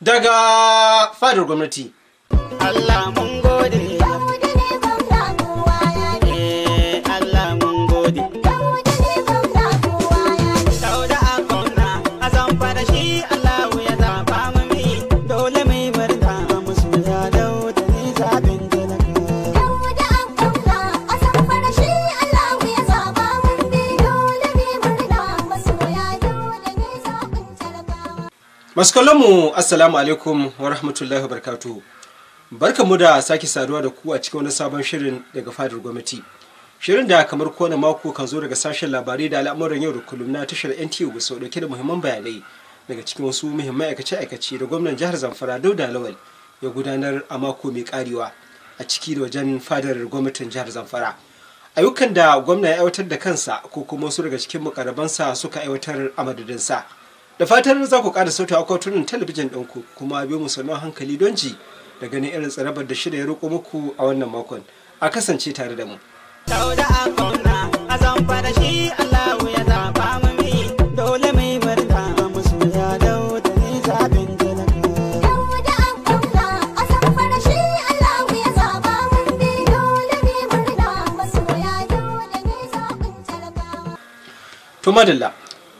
daga fadar gwamnati. Allah mun gode. Maskalamu assalamu alaikum wa rahmatullahi barkatu. barka mu da sake saduwa da ku a cikin wani sabon shirin daga fadar gwamnati shirin da kamar kowane mako kan zo daga sashen labarai da al'amuran yau da kullum na tashar NTU ga sau dauke da muhimman bayanai daga cikin wasu muhimman aikace-aikace da gwamnan jihar Zamfara Dauda Lawal ya gudanar a mako mai karewa a ciki da wajen fadar gwamnatin jihar Zamfara ayyukan da gwamna ya aiwatar da kansa ko kuma wasu daga cikin mukarabansa suka aiwatar a madadinsa. sa da fatan za ku ƙara sautin akwatunan talabijin ɗinku kuma biyu mu sannan hankali don ji da ganin irin tsarabar da shida ya roƙo muku a wannan makon a kasance tare da mu.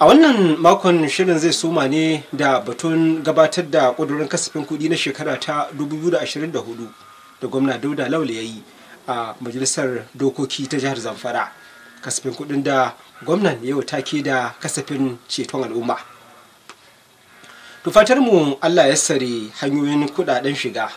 a wannan makon shirin zai suma ne da batun gabatar da ƙudurin kasafin kuɗi na shekara ta 2024 da gwamna dauda laule ya yi a majalisar dokoki ta jihar zamfara kasafin kuɗin da gwamnan yau ta ke da kasafin ceton al'umma tufatar mu allah ya sare hanyoyin kuɗaɗen shiga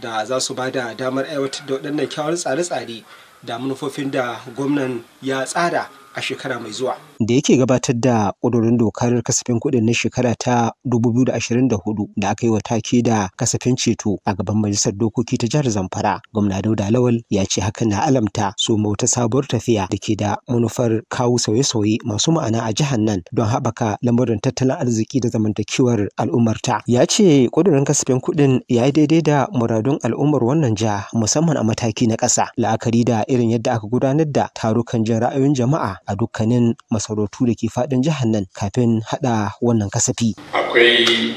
da za su ba da damar aiwatar da waɗannan kyawar tsare-tsare da manufofin da gwamnan ya tsara a shekara mai zuwa da yake gabatar da ƙudurin dokar kasafin kuɗin na shekara ta 2024 da aka yi wa take da kasafin ceto a gaban majalisar dokoki ta jihar Zamfara. Gwamna Dauda Lawal ya ce hakan na alamta su wata sabuwar tafiya da ke da manufar kawo sauye-sauye masu ma'ana a jihar nan don haɓaka lamarin tattalin arziki da zamantakewar al'ummarta. Ya ce ƙudurin kasafin kuɗin ya yi daidai da muradun al'ummar wannan jiha musamman a mataki na ƙasa la'akari da irin yadda aka gudanar da tarukan jin ra'ayoyin jama'a a dukkanin masarautu masarautu da ke faɗin jihar nan kafin haɗa wannan kasafi. Akwai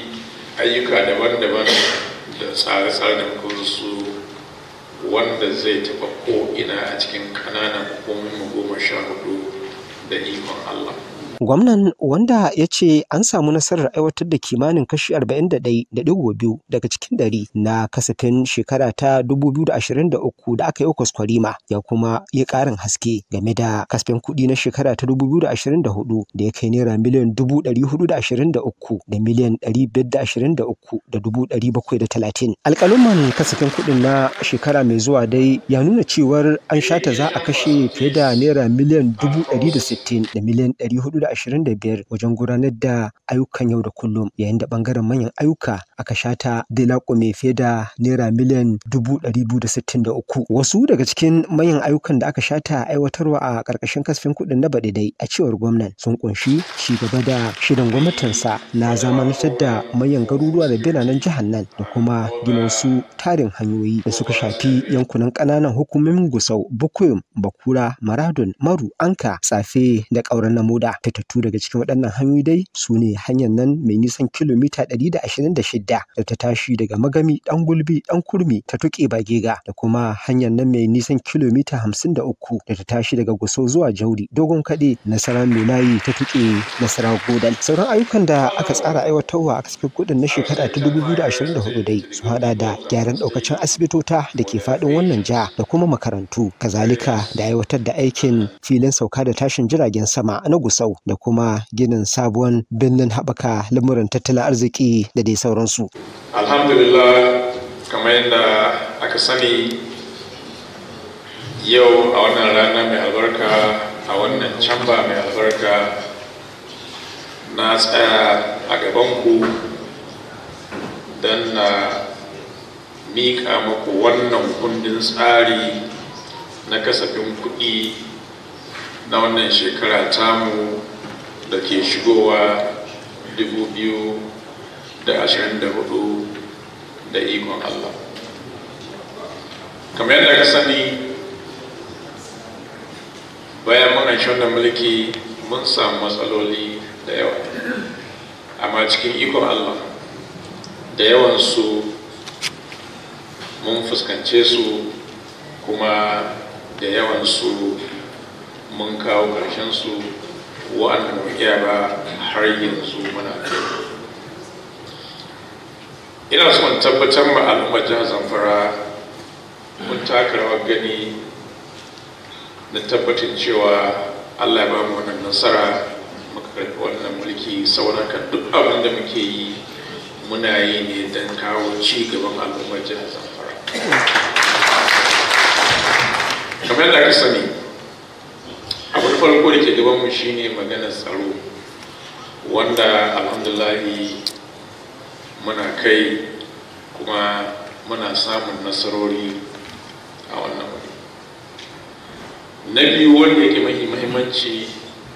ayyuka daban-daban da tsare-tsare da su wanda zai taɓa ina a cikin ƙananan hukumomin goma sha hudu da ikon Allah. Gwamnan wanda ya ce an samu nasarar aiwatar da kimanin kashi 41.2 daga cikin ɗari na kasafin shekara ta 2023 da aka yi kwaskwarima ya kuma yi ƙarin haske game da kasafin kuɗi na shekara ta 2024 da ya kai naira miliyan 423 da miliyan 523 da 730. Alƙaluman kasafin kuɗin na shekara mai zuwa dai ya nuna cewar an shata za a kashe fiye da naira miliyan 160 da miliyan 400 da wajen gudanar da ayyukan yau da kullum yayin da ɓangaren manyan ayyuka aka shata da laƙume fiye da naira miliyan dubu ɗari biyu wasu daga cikin manyan ayyukan da aka shata aiwatarwa a ƙarƙashin kasafin kuɗin na baɗi dai a cewar gwamnan sun ƙunshi ci gaba da shirin gwamnatinsa na zamanantar da manyan garuruwa da biranen jihar nan da kuma gina wasu tarin hanyoyi da suka shafi yankunan ƙananan hukumomin gusau bukuyum bakura maradun maru anka tsafe da ƙauran namuda fito ingantattu daga cikin waɗannan hanyoyi dai su ne hanyar nan mai nisan kilomita ɗari da ashirin da shidda da ta tashi daga Magami, Ɗan Gulbi, Ɗan Kurmi ta Tuƙe Bagega da kuma hanyar nan mai nisan kilomita hamsin da uku da ta tashi daga Gusau zuwa Jauri, Dogon Kaɗe, Nasara Mai Layi ta Tuƙe Nasara Godal. Sauran ayyukan da aka tsara aiwatarwa a kasafin kuɗin na shekara ta dubu dai su haɗa da gyaran ɗaukacin asibitota da ke faɗin wannan jiha da kuma makarantu, kazalika da aiwatar da aikin filin sauka da tashin jiragen sama na Gusau da kuma ginin sabon birnin haɓaka lamurin tattalin arziki da dai sauransu. Alhamdulillah kamar yadda aka sani yau a wannan rana mai albarka a wannan camba mai albarka na tsaya a gabanku don na miƙa maku wannan kundin tsari na kasafin kuɗi na wannan shekara tamu da ke shigowa 2024 da ikon Allah kamar yadda ka sani bayan muna shi mulki mun samu matsaloli da yawa amma cikin ikon Allah da yawansu mun fuskance su kuma da yawansu mun kawo ƙarshen su. wa'anda ba iya ba har yanzu muna kai ina son tabbatar ma al'ummar jihar zamfara mun taka rawar gani na tabbatin cewa allah ya ba mu wannan nasara muka karɓi wannan mulki sauran duk abin da muke yi muna yi ne don kawo ci gaban al'ummar jihar zamfara kamar yadda ka sani farko da ke gabanmu shine maganar tsaro wanda alhamdulahi muna kai kuma muna samun nasarori a wannan wani na biyu wanda yake mahi mahimmanci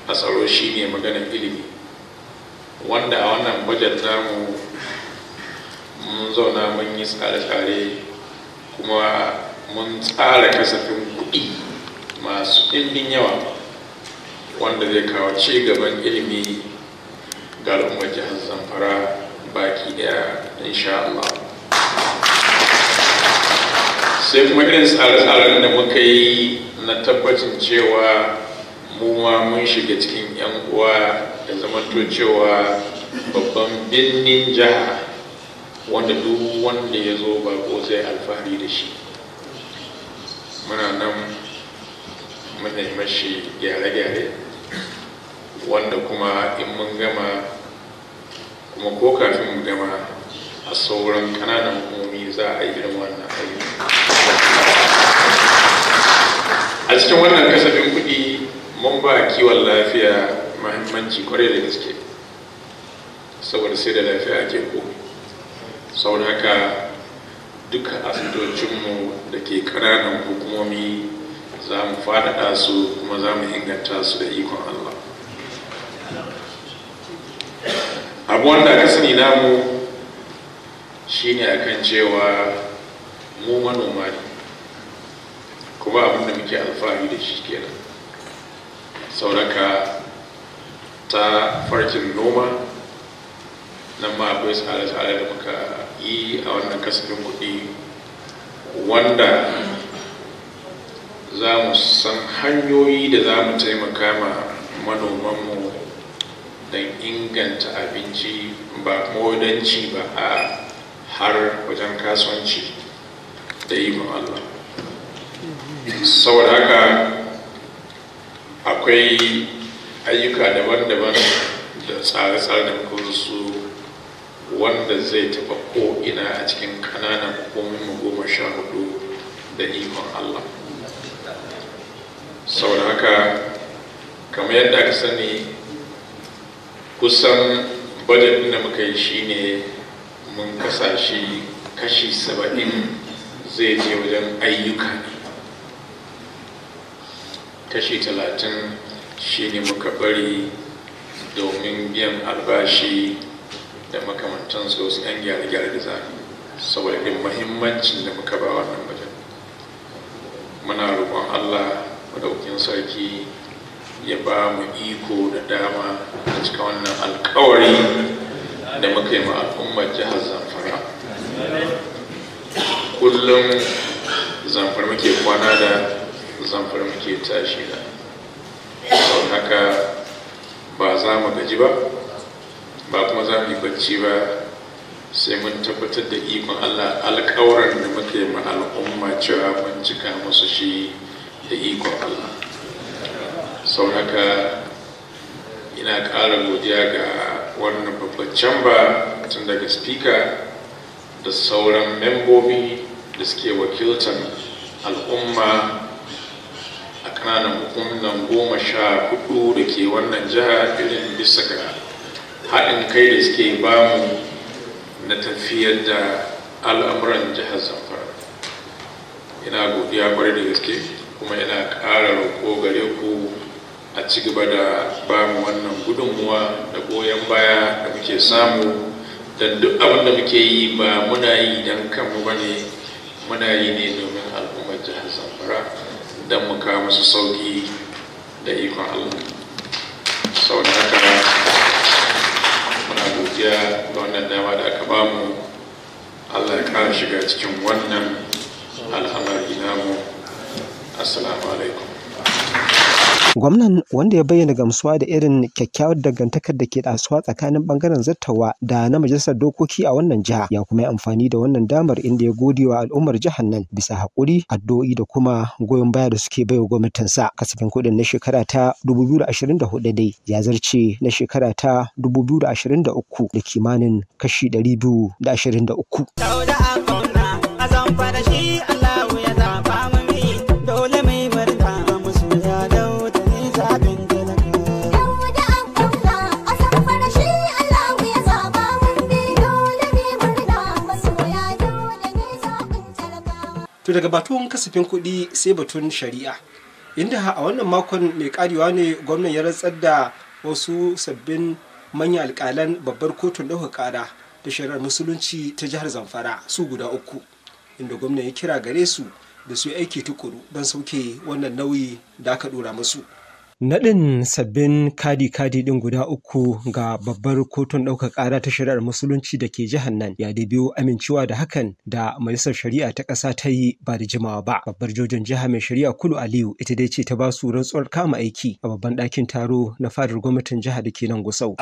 a tsaro shine maganar ilimi wanda a wannan bajet namu mun zauna mun yi tsare-tsare kuma mun tsara kasafin kuɗi masu ɗimbin yawa wanda zai kawo ci gaban ilimi ga al'ummar jihar zamfara baki daya insha Allah sai kuma irin tsare-tsaren da muka yi na tabbacin cewa mu ma mun shiga cikin 'yan uwa da zamanto cewa babban birnin jiha wanda duk wanda ya zo bako zai alfahari da shi muna nan mun gyare-gyare wanda kuma in mun gama kuma ko kafin mu gama a sauran kananan hukumomi za a yi irin wannan aiki a cikin wannan kasafin kuɗi mun ba kiwon lafiya mahimmanci kwarai da gaske saboda sai da lafiya ake ko. saboda haka duka asibitocinmu da ke kananan hukumomi za mu faɗaɗa su kuma za mu inganta su da ikon Allah abu wanda ka sani namu shine kan cewa mu manoma ne kuma abin da muke alfahari da shi kenan sauraka ta farkin noma nan ma akwai tsare-tsare da muka yi a wannan kasafin kuɗi wanda za mu san hanyoyi da za mu taimaka ma manomanmu don inganta abinci ba modanci ba a har wajen kasuwanci da yi ma Allah saboda haka akwai ayyuka daban-daban da tsare-tsare da su wanda zai taɓa ko'ina a cikin ƙananan hukumin goma sha hudu da ikon Allah saboda haka kamar yadda aka sani kusan budget da muka yi shine mun kasashe kashi saba'in zai je wajen ayyuka kashi talatin shine muka bari domin biyan albashi da su wasu 'yan gyare-gyare da zafi saboda ɗin mahimmancin da muka ba wannan wajen muna roƙon allah madaukin sarki ya ba mu iko da dama a cikin wannan alkawari da muka yi ma al'ummar jihar zamfara kullum zamfara muke kwana da zamfara muke tashi da sau haka ba za mu gaji ba ba kuma za mu yi bacci ba sai mun tabbatar da ikon allah alkawarin da muka yi ma al'umma cewa mun cika musu shi da ikon allah sau haka ina ƙara godiya ga wannan babban camba tun daga speaker da sauran membobi da suke wakiltar al'umma a kananan hukumnan goma sha hudu da ke wannan jiha irin bisa ga haɗin kai da suke bamu na tafiyar da al'amuran jihar zamfara ina godiya kwarai da gaske kuma ina ƙara roƙo gare ku a ci gaba da ba mu wannan gudunmuwa da goyon baya da muke samu da duk abin da muke yi ba muna yi don kanmu ba ne muna yi ne domin al'ummar jihar zamfara don mu kawo musu sauki da ikon allah sau da haka muna godiya da wannan dama da aka bamu allah ya kara shiga cikin wannan al'amari namu assalamu alaikum Gwamnan, wanda ya bayyana gamsuwa da irin kyakkyawar dangantakar da ke ɗasuwa tsakanin ɓangaren zartawa da na majalisar dokoki a wannan jiha, ya kuma yi amfani da wannan damar inda ya gode wa al'ummar jihar nan bisa haƙuri, addu'o'i da kuma goyon baya da suke baiwa gwamnatinsa. Kasafin kuɗin na shekara ta 2024 dai ya zarce na shekara ta 2023 da kimanin kashi 223. To daga batun kasafin kuɗi sai batun shari'a. Inda a wannan makon mai karewa ne gwamnan ya rantsar da wasu sabbin manyan alƙalan babbar kotun ɗaukar ƙara da shari'ar musulunci ta jihar Zamfara su guda uku. Inda gwamnan ya kira gare su da su aiki tukuru don sauke wannan nauyi da aka ɗora musu. Naɗin sabbin kadi-kadi ɗin guda uku ga babbar kotun ɗaukar ƙara ta shari'ar musulunci da ke jihar nan ya da biyo amincewa da hakan da majalisar shari'a ta ƙasa ta yi ba da jimawa ba. Babbar jojin jiha mai shari'a Kulu Aliyu ita dai ce ta ba su rantsuwar kama aiki a babban ɗakin taro na fadar gwamnatin jiha da ke nan Gusau.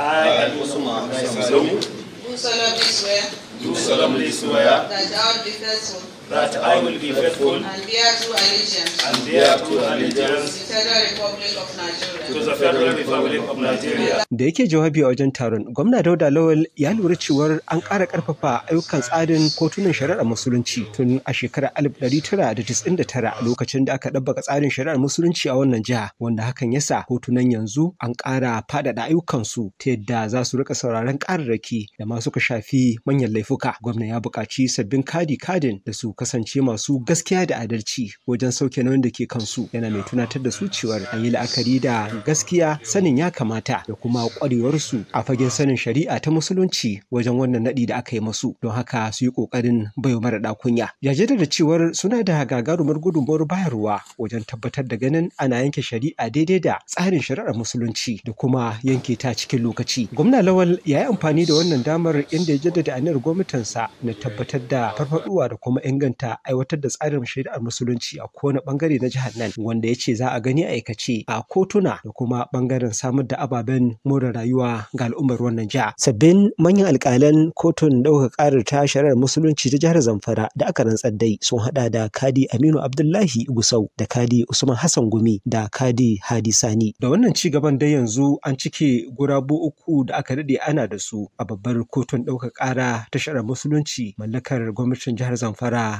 that I will be faithful and bear true allegiance and bear true allegiance to the Republic of Nigeria da yake jawabi a wajen taron gwamna Dauda Lawal ya lura cewar an ƙara ƙarfafa ayyukan tsarin kotunan shari'ar musulunci tun a shekarar 1999 lokacin da aka ɗabbaka tsarin shari'ar musulunci a wannan jiha wanda hakan ya sa kotunan yanzu an ƙara faɗaɗa ayyukansu ta yadda za su rika sauraron ƙararraki da ma suka shafi manyan laifuka gwamna ya buƙaci sabbin kadi kadin da su kasance masu gaskiya da adalci wajen sauke nauyin da ke kansu yana mai tunatar da su cewar an yi la'akari da gaskiya sanin ya kamata da kuma kwarewarsu a fagen sanin shari'a ta musulunci wajen wannan nadi da aka yi masu don haka su yi ƙoƙarin baiwa mara kunya. Ya da cewar suna da gagarumar gudunmawar bayarwa wajen tabbatar da ganin ana yanke shari'a daidai da tsarin shari'ar musulunci da kuma yanke ta cikin lokaci. Gwamna Lawal ya yi amfani da wannan damar inda ya jaddada aniyar gwamnatinsa na tabbatar da farfaduwa da kuma inganta inganta aiwatar da tsarin shari'ar musulunci a kowane bangare na jihar nan wanda ya ce za a gani aikace a kotuna da kuma bangaren samar da ababen more rayuwa ga al'ummar wannan jiha. Sabbin manyan alkalan kotun ɗaukar karar ta shari'ar musulunci ta jihar Zamfara da aka rantsar dai sun haɗa da Kadi Aminu Abdullahi Gusau da Kadi Usman Hassan Gumi da Kadi Hadi Sani. Da wannan ci gaban dai yanzu an cike gurabu uku da aka daɗe ana da su a babbar kotun ɗaukar kara ta shari'ar musulunci mallakar gwamnatin jihar Zamfara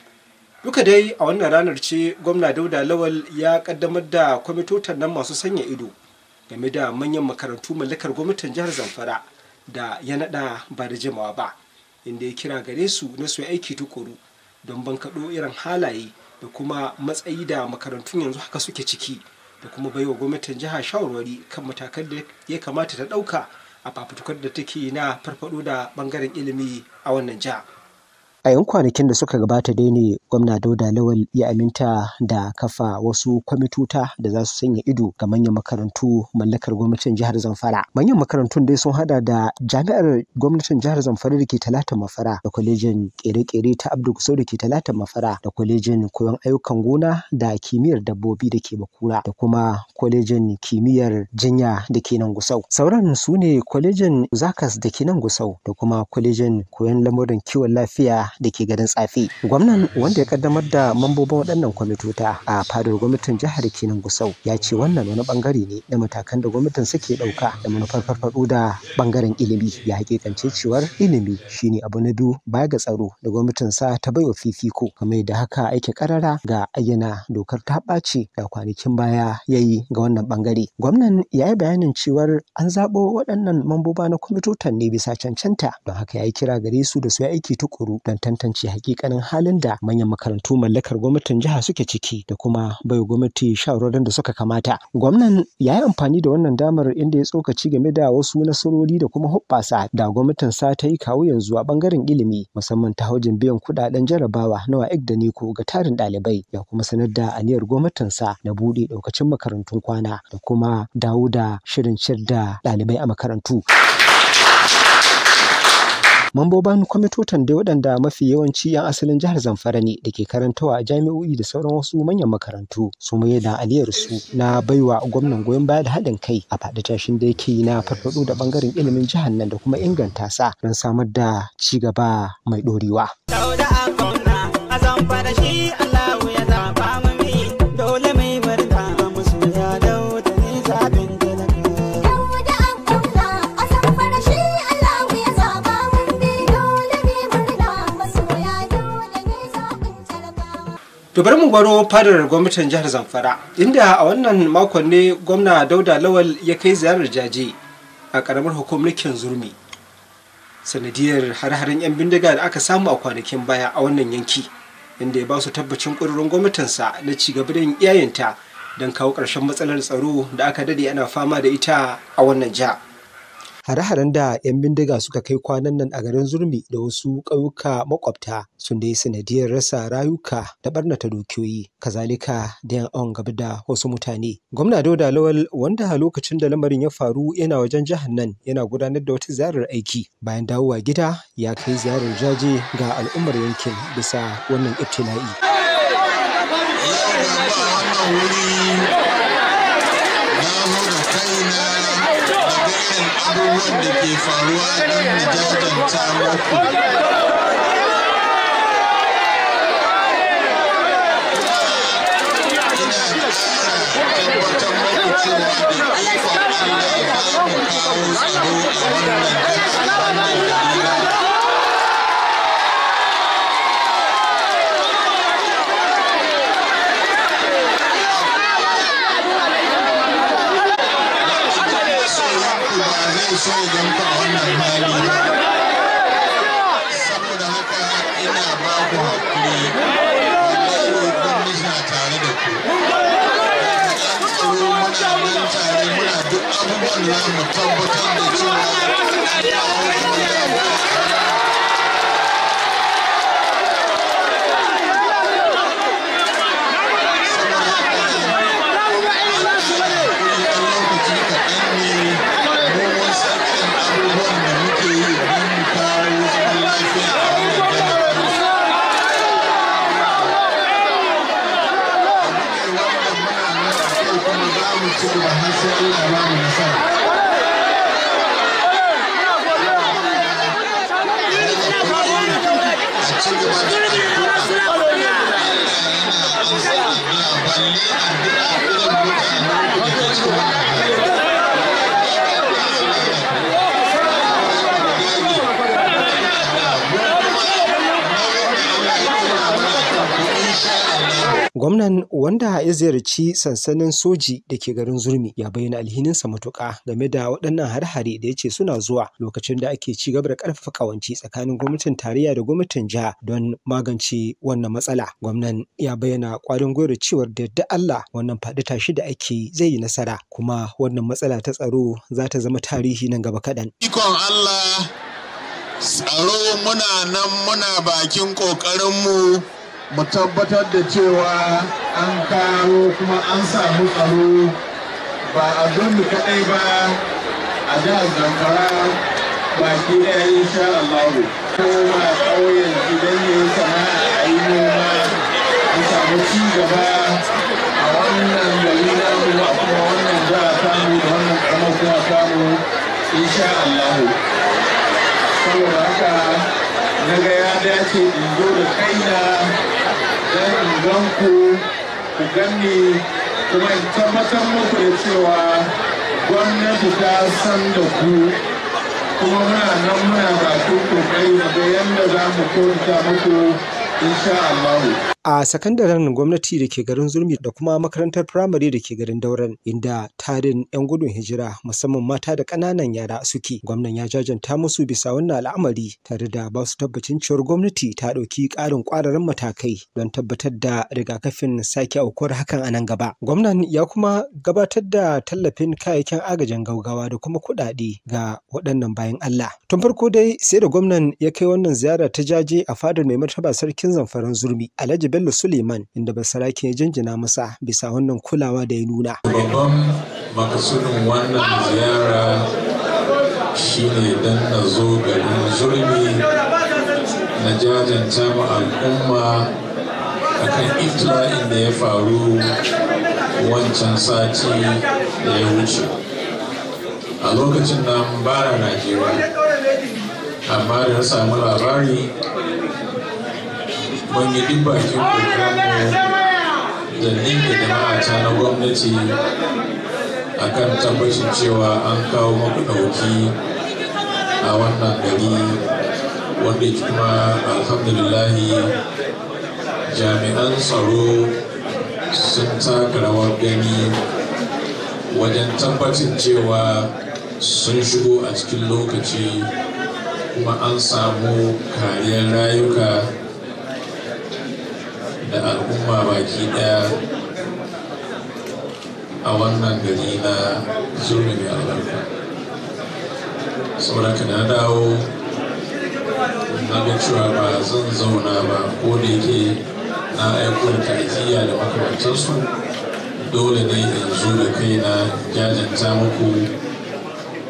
duka dai a wannan ranar ce gwamna dauda lawal ya kaddamar da kwamitotan nan masu sanya ido game da manyan makarantu mallakar gwamnatin jihar zamfara da ya nada ba da jimawa ba inda ya kira gare su na su aiki tukuru don bankaɗo irin halaye da kuma matsayi da makarantun yanzu haka suke ciki da kuma baiwa gwamnatin jiha shawarwari kan matakan da ya kamata ta ɗauka a fafutukar da take na farfaɗo da ɓangaren ilimi a wannan jiha. A yan kwanakin da suka gabata dai ne gwamna Dauda Lawal ya aminta da kafa wasu kwamituta da za su sanya ido ga manyan makarantu mallakar gwamnatin jihar Zamfara. Manyan makarantun dai sun hada da jami'ar gwamnatin jihar Zamfara da ke Talatan Mafara da kwalejin kere-kere ta Abdul Kusau da ke Talatan Mafara da kwalejin koyon ayyukan gona da kimiyyar dabbobi da ke Bakura da kuma kwalejin kimiyyar jinya da ke nan Gusau. Sauran su ne kwalejin Zakas da ke nan Gusau da kuma kwalejin koyon lamurin kiwon lafiya da ke garin tsafi gwamnan wanda ya kaddamar da mambobin waɗannan kwamitota a fadar gwamnatin jihar kinin gusau ya ce wannan wani bangare ne na matakan da gwamnatin suke ɗauka da manufar farfaɗo da bangaren ilimi ya hakikance cewar ilimi shine abu na biyu baya ga tsaro da gwamnatin sa ta baiwa fifiko kamar da haka aiki karara ga ayyana dokar ta ɓaci da kwanakin baya ya yi ga wannan bangare gwamnan ya yi bayanin cewar an zaɓo waɗannan mamboba na kwamitotan ne bisa cancanta don haka ya yi kira gare su da su ya aiki tukuru don tantance hakikanin halin da manyan makarantu mallakar gwamnatin jiha suke ciki da kuma bai gwamnati shawarwarin da suka kamata. Gwamnan ya yi amfani da wannan damar inda ya tsokaci game da wasu nasarori da kuma hoɓɓasa da gwamnatin sa ta yi kawo yanzu a bangaren ilimi musamman ta haujin biyan kuɗaɗen jarabawa na wa'ik da niko ga tarin ɗalibai ya kuma sanar da aniyar sa na buɗe ɗaukacin makarantun kwana da kuma dawo da shirin ciyar da ɗalibai a makarantu. Mambobin kwamitotan dai waɗanda mafi yawanci 'yan asalin jihar Zamfara ne da ke karantawa a jami'o'i da sauran wasu manyan makarantu su sun aliyar su na baiwa gwamnan goyon baya da haɗin kai a faɗi-tashin da yake yi na farfaɗo da ɓangaren ilimin jihar nan da kuma inganta sa don samar da ci gaba mai ɗorewa. To bari mu baro fadar gwamnatin jihar Zamfara, inda a wannan makon ne gwamna Dauda Lawal ya kai ziyarar jaje a ƙaramar hukumnikin zurmi. Sanadiyar har harin 'yan bindiga da aka samu a kwanakin baya a wannan yanki, inda ya ba su tabbacin ƙudurin gwamnatinsa na ci gaba da yin iyayenta don kawo ƙarshen matsalar tsaro da aka dade ana fama da ita a wannan jiha. Hare-haren da 'yan bindiga suka kai kwanan nan a garin Zurmi da wasu ƙauyuka makwabta sun dai sanadiyar rasa rayuka da barnata dukiyoyi, kazalika da on gaba da wasu mutane. Gwamna Dauda Lawal wanda lokacin da lamarin ya faru yana wajen jihar nan yana gudanar da wata ziyarar aiki bayan dawowa gida ya kai ziyarar jaje ga al'ummar yankin bisa wannan ibtila'i. abubuwan da ke faruwa don mu jajanta muku Allah so idan ku hali saboda haka ina ba ku hakuri wallahi gwamnati na tare da ku muna tsaro muna nan tare muna duk abubuwan da mu tabbatar da cewa Gwamnan wanda ya ziyarci sansanin soji da ke garin Zurmi ya bayyana alhininsa matuƙa game da waɗannan har-hare da ya ce suna zuwa lokacin da ake ci gaba da ƙarfafa ƙawanci tsakanin gwamnatin tarayya da gwamnatin jiha don magance wannan matsala. Gwamnan ya bayyana ƙwarin gwiwar cewar da yadda Allah wannan faɗi tashi da ake zai yi nasara kuma wannan matsala ta tsaro za ta zama tarihi nan gaba kaɗan. Ikon Allah tsaro muna nan muna bakin ƙoƙarinmu mu tabbatar da cewa an kawo kuma an samu tsaro ba a mu kaɗai ba a jihar zamfara baki ɗaya insha Allah koma ƙauyen idan don yi sana'a a yi noma mu samu ci gaba a wannan gari a kuma wannan a samu da wannan ƙaramar kuma a insha Allah saboda haka na ga ya dace in zo da kaina don in gan ku ku ganni kuma in tabbatar muku da cewa gwamnati ta san da ku kuma muna nan muna ku kokari na ga yadda za mu kota muku insha Allah. a sakandaren gwamnati da ke garin Zurmi da kuma makarantar firamare da ke garin Dauran inda tarin 'yan gudun hijira musamman mata da ƙananan yara suke. Gwamnan ya jajanta musu bisa wannan al'amari tare da ba su tabbacin cewar gwamnati ta ɗauki ƙarin ƙwararren matakai don tabbatar da rigakafin sake aukuwar hakan a nan gaba. Gwamnan ya kuma gabatar da tallafin kayayyakin agajin gaugawa da kuma kuɗaɗe ga waɗannan bayan Allah. Tun farko dai sai da gwamnan ya kai wannan ziyara ta jaje a fadar mai martaba sarkin zamfaran Zurmi Alhaji Bello Suleiman inda basara ya jinjina masa bisa wannan kulawa da ya nuna. Babban makasudin wannan ziyara shi ne don na zo garin zurmi na jajanta ma al'umma a kan iftila'in da ya faru wancan sati da ya wuce a lokacin nan bara najeriya amma da na samu labari mun yi duk bakin eh, da ninka da jama'ata na gwamnati akan tabbacin cewa an kawo maku ɗauki a wannan gari wanda kuma alhamdulillahi jami'an tsaro sun taka rawar gani wajen tabbacin cewa sun shigo a cikin lokaci kuma an samu kariyar rayuka al'umma baki daya a wannan gari na zuri mai albarka saboda na dawo na ga cewa ba zan zauna ba ko da yake na aiko da tarziya da makamantarsu dole ne in yanzu da na jajanta muku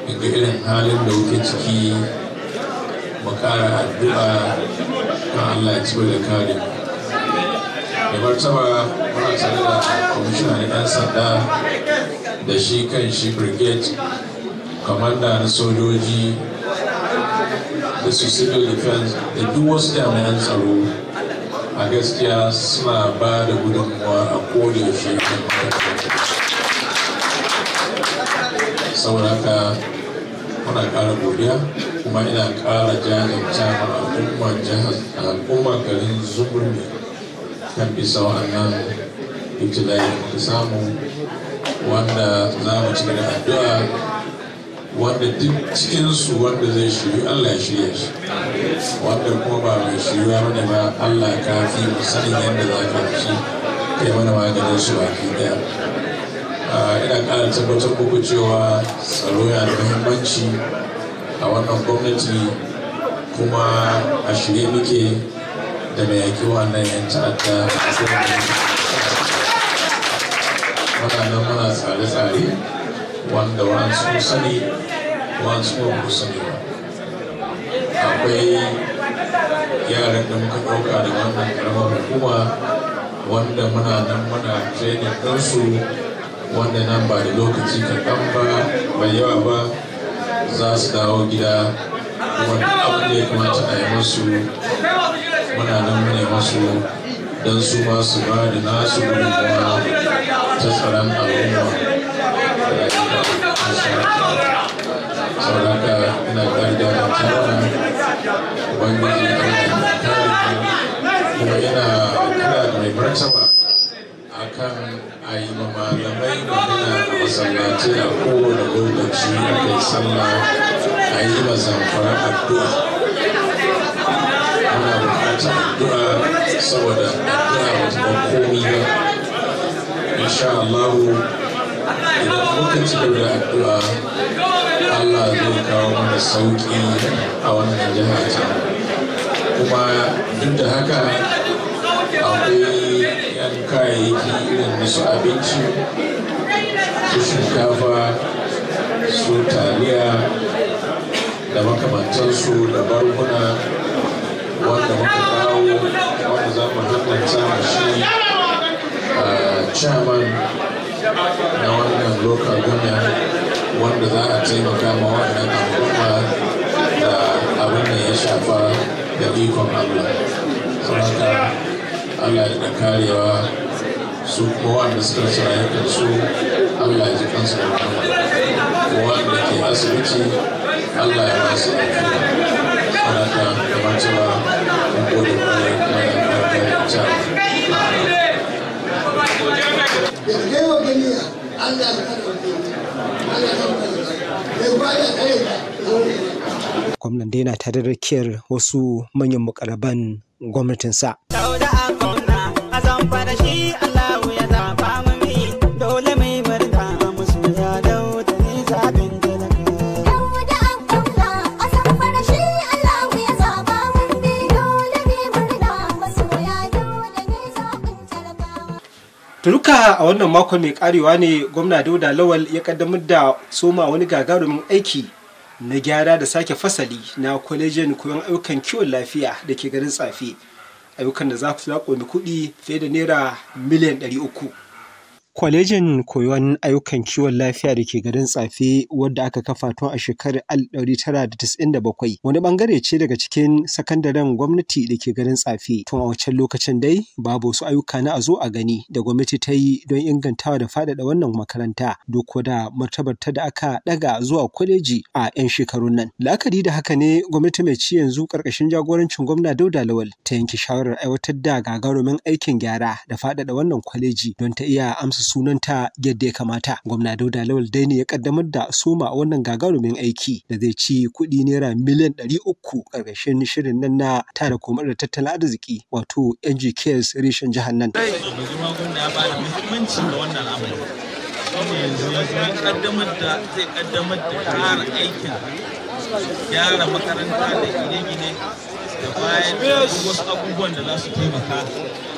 ga irin halin da kuke ciki mu addu'a kan Allah ya ci da kare mu da martaba muna tare da kwamishina na 'yan sanda da shi kan shi brigade kamanda na sojoji da su civil defense da duk wasu jami'an tsaro a gaskiya suna ba da gudunmuwa a shi saboda haka muna ƙara godiya kuma ina ƙara jajanta al'ummar garin zumurmi kan bisa waɗannan ibtidai da samu wanda za mu ci da addu'a wanda duk cikinsu wanda zai shiri Allah ya shirya shi wanda kuma ba mai ya mana ba Allah ka fi sanin yadda za ka fi kai mana maganin su baki daya ina ƙara tabbatar muku cewa tsaro ya da muhimmanci a wannan gwamnati kuma a shirye muke da mai yaki wannan yan ta'adda muna nan muna tsare-tsare wanda wa'ansu sani wansu ba ku sani ba akwai yaran da muka ɗauka da wannan karamar hukuma wanda muna nan muna training ɗansu wanda nan ba da lokaci kaɗan ba mai yawa ba za su dawo gida wanda abin da ya kamata a yi musu muna nan muna masu don su ma su ba da nasu gudunmuwa ta tsaron al'umma sauraka ina ƙarda da tara ubangiji allah kuma yana kira da mai martaba kan a yi ma malamai magana a masallaci a kowane lokaci a kai sallah a yi ma zamfara addu'a saboda yana ba komi ba insha idan muka ci gaba da addu'a Allah zai kawo mana sauki a wannan jiha ta kuma duk da haka akwai yan kayayyaki irin na su abinci su shinkafa su taliya da makamantansu da barguna wanda muka kawo halarta shi chairman na wannan local government wanda za a taimaka ma wannan al'umma da abin da ya shafa da ikon Allah. Saboda Allah ya karewa su wanda suka rasa su Allah ya ji kansa da kowa wanda ke asibiti Allah ya ba su lafiya saboda kamar cewa mun gwamnan dai na tare da kiyar wasu manyan mukarraban gwamnatinsa. sa da shi turuka a wannan makon mai karewa ne gwamna dauda lawal ya kaddamar da soma wani gagarumin aiki na gyara da sake fasali na kwalejin koyon ayyukan kiwon lafiya da ke garin tsafi ayyukan da za su kuɗi fiye da naira miliyan 300 Kwalejin Koyon Ayyukan Kiwon Lafiya da ke garin Tsafe wadda aka kafa tun a shekarar 1997 wani bangare ce daga cikin sakandaren gwamnati da ke garin Tsafe. Tun a wancan lokacin dai babu wasu ayyuka na a zo a gani da gwamnati ta yi don ingantawa da faɗaɗa wannan makaranta duk da martabar ta da aka ɗaga zuwa kwaleji a 'yan shekarun nan. La'akari da haka ne gwamnati mai ci yanzu ƙarƙashin jagorancin gwamna Dauda Lawal ta yanke shawarar aiwatar da gagarumin aikin gyara da faɗaɗa wannan kwaleji don ta iya amsa sunanta yadda ya kamata. Gwamna Dauda Lawal dai ne ya kaddamar da soma wannan gagarumin aiki da zai ci kuɗi naira miliyan ɗari uku ƙarƙashin shirin nan na tara komar da tattalin arziki wato NGKS reshen jihar nan. yanzu ya da zai kaddamar da ƙara aikin gyara makaranta da gine-gine da bayan wasu abubuwan da za su taimaka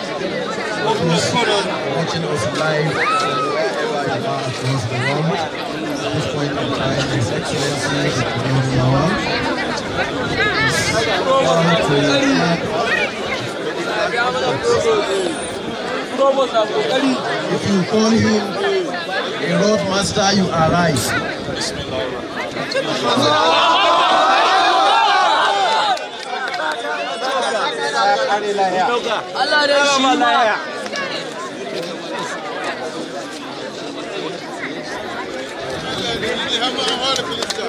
watching us live wherever you are At this point in time, His Excellency the If you call him a roadmaster, you are right. عليها الله يرحمها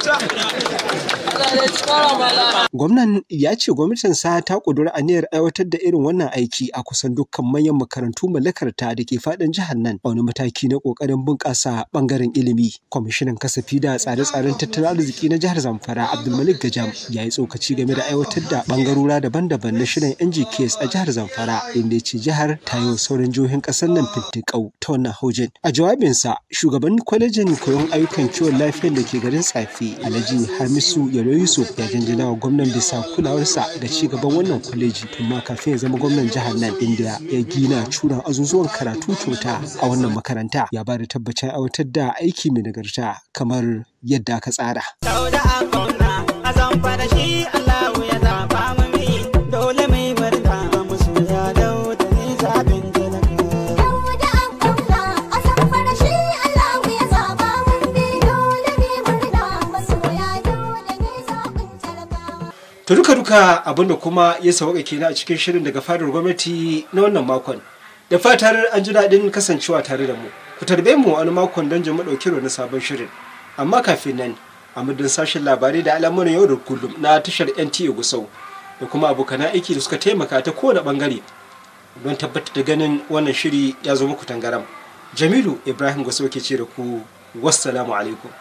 Thank you. Gwamnan ya ce gwamnatinsa ta ƙudiri aniyar aiwatar da irin wannan aiki a kusan dukkan manyan makarantu mallakarta da ke faɗin jihar nan a wani mataki na ƙoƙarin bunƙasa ɓangaren ilimi. Kwamishinan kasafi da tsare-tsaren tattalin arziki na jihar Zamfara Abdulmalik Gajam ya yi tsokaci game da aiwatar da ɓangarora daban-daban na shirin NGKS a jihar Zamfara inda ya ce jihar ta yi wa sauran jihohin ƙasar nan fintiƙau ta wannan haujin. A jawabinsa shugaban kwalejin koyon ayyukan kiwon lafiyar da ke garin Tsafe Alhaji Hamisu Yaro Ado Yusuf ya jinjina wa gwamnan bisa kulawarsa da ci gaban wannan kwaleji tun ma kafin ya zama gwamnan jihar nan inda ya gina curan azuzuwan karatu kyauta a wannan makaranta ya ba da tabbacin aiwatar da aiki mai nagarta kamar yadda aka tsara. Allah. to duka duka abinda kuma ya sauka kenan a cikin shirin daga fadar gwamnati na wannan makon da fatar an ji daɗin kasancewa tare da mu ku tarbe mu wani makon don jama'a ɗauki na sabon shirin amma kafin nan a muddin sashen labarai da al'amuran yau da kullum na tashar nta gusau da kuma abokan aiki da suka taimaka ta kowane bangare don tabbatar da ganin wannan shiri ya zo muku tangaram jamilu ibrahim gusau ke ce da ku wassalamu alaikum